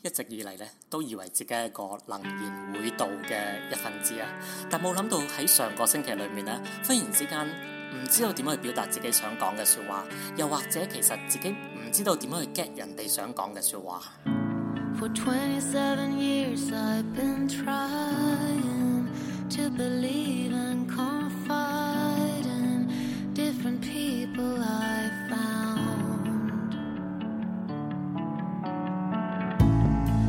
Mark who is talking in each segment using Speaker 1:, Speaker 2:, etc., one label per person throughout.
Speaker 1: 一直以嚟咧，都以為自己係一個能言會道嘅一分子啊，但冇諗到喺上個星期裏面咧，忽然之間唔知道點樣去表達自己想講嘅説話，又或者其實自己唔知道點樣去 get 人哋想講嘅説話。
Speaker 2: For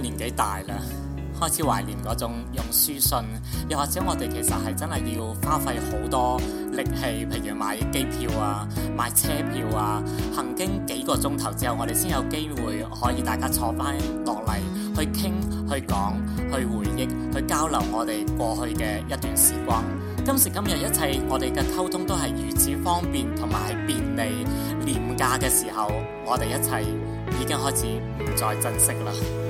Speaker 1: 年紀大啦，開始懷念嗰種用書信，又或者我哋其實係真係要花費好多力氣，譬如買機票啊、買車票啊，行經幾個鐘頭之後，我哋先有機會可以大家坐翻落嚟去傾、去講、去回憶、去交流我哋過去嘅一段時光。今時今日一切我哋嘅溝通都係如此方便，同埋係便利、廉價嘅時候，我哋一切已經開始唔再珍惜啦。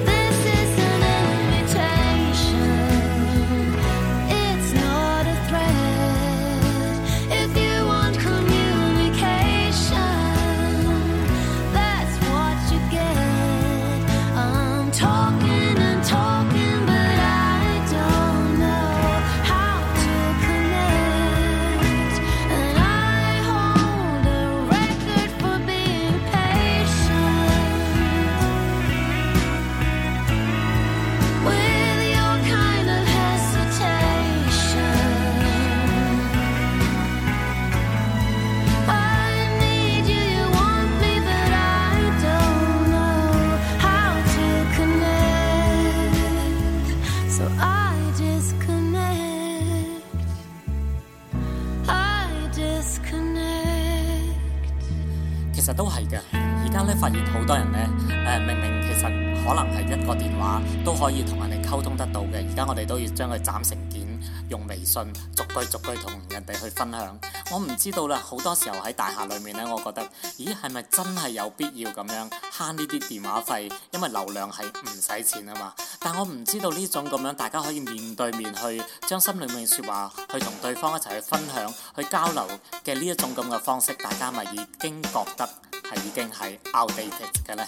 Speaker 1: 發現好多人呢，誒、呃、明明其實可能係一個電話都可以同人哋溝通得到嘅，而家我哋都要將佢斬成件，用微信逐句逐句同人哋去分享。我唔知道啦，好多時候喺大廈裡面呢，我覺得，咦係咪真係有必要咁樣慳呢啲電話費？因為流量係唔使錢啊嘛。但我唔知道呢種咁樣大家可以面對面去將心裡面嘅説話去同對方一齊去分享、去交流嘅呢一種咁嘅方式，大家咪已經覺得，係已經係 outdated 嘅咧。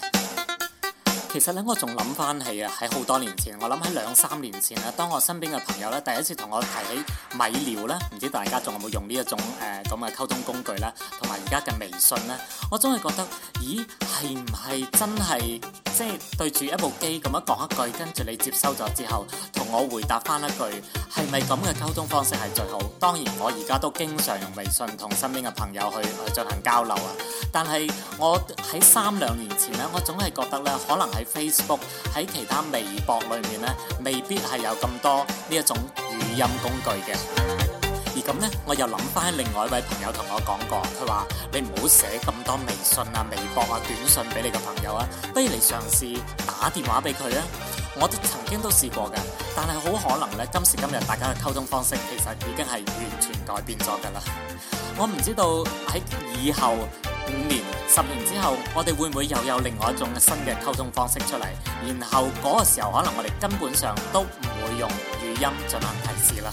Speaker 1: 其實咧，我仲諗翻起啊，喺好多年前，我諗喺兩三年前咧，當我身邊嘅朋友咧第一次同我提起米聊咧，唔知大家仲有冇用呢一種誒咁嘅溝通工具咧，同埋而家嘅微信咧，我總係覺得咦係唔係真係即係對住一部機咁樣講一句，跟住你接收咗之後同我回答翻一句係咪咁嘅溝通方式係最好？當然，我而家都經常用微信同身邊嘅朋友去去進、呃、行交流啊。但係我喺三兩年前咧，我總係覺得咧，可能喺 Facebook 喺其他微博裏面咧，未必係有咁多呢一種語音工具嘅。而咁呢，我又諗翻另外一位朋友同我講過，佢話：你唔好寫咁多微信啊、微博啊、短信俾你個朋友啊，不如你嘗試打電話俾佢啊。我都曾經都試過㗎，但係好可能呢，今時今日大家嘅溝通方式其實已經係完全改變咗㗎啦。我唔知道喺以後。五年、十年之後，我哋會唔會又有另外一種新嘅溝通方式出嚟？然後嗰個時候，可能我哋根本上都唔會用語音進行提示啦。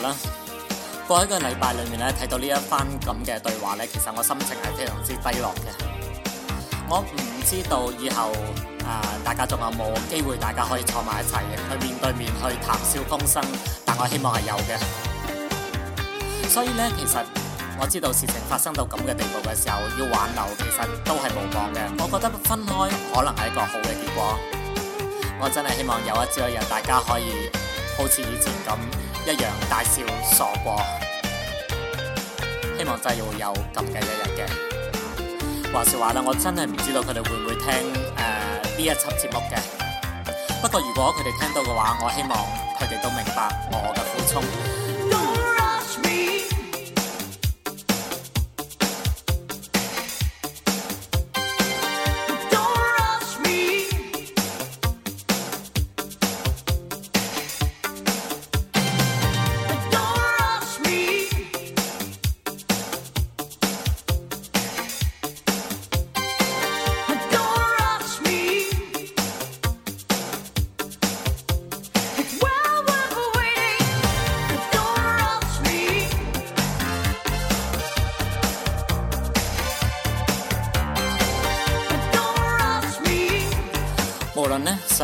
Speaker 1: 啦，過一個禮拜裏面咧，睇到呢一番咁嘅對話咧，其實我心情係非常之低落嘅。我唔知道以後啊、呃，大家仲有冇機會大家可以坐埋一齊，去面對面去談笑風生。但我希望係有嘅。所以咧，其實我知道事情發生到咁嘅地步嘅時候，要挽留其實都係冇望嘅。我覺得分開可能係一個好嘅結果。我真係希望有一朝一日，大家可以好似以前咁。一樣大笑傻過，希望真係會有咁嘅一日嘅。話時話啦，我真係唔知道佢哋會唔會聽誒呢、呃、一輯節目嘅。不過如果佢哋聽到嘅話，我希望佢哋都明白我嘅苦衷。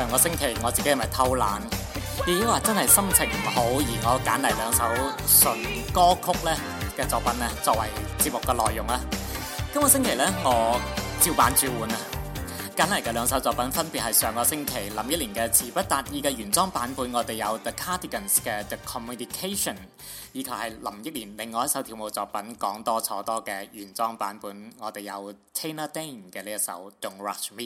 Speaker 1: 上個星期我自己係咪偷懶，亦都話真係心情唔好，而我揀嚟兩首純歌曲咧嘅作品咧，作為節目嘅內容啊。今個星期咧，我照板煮碗啊，揀嚟嘅兩首作品分別係上個星期林憶蓮嘅《詞不達意》嘅原裝版本，我哋有 The Cardigans 嘅《The Communication》，以及係林憶蓮另外一首跳舞作品《講多錯多》嘅原裝版本，我哋有 Taylor Dayne 嘅呢一首《Don't Rush Me》。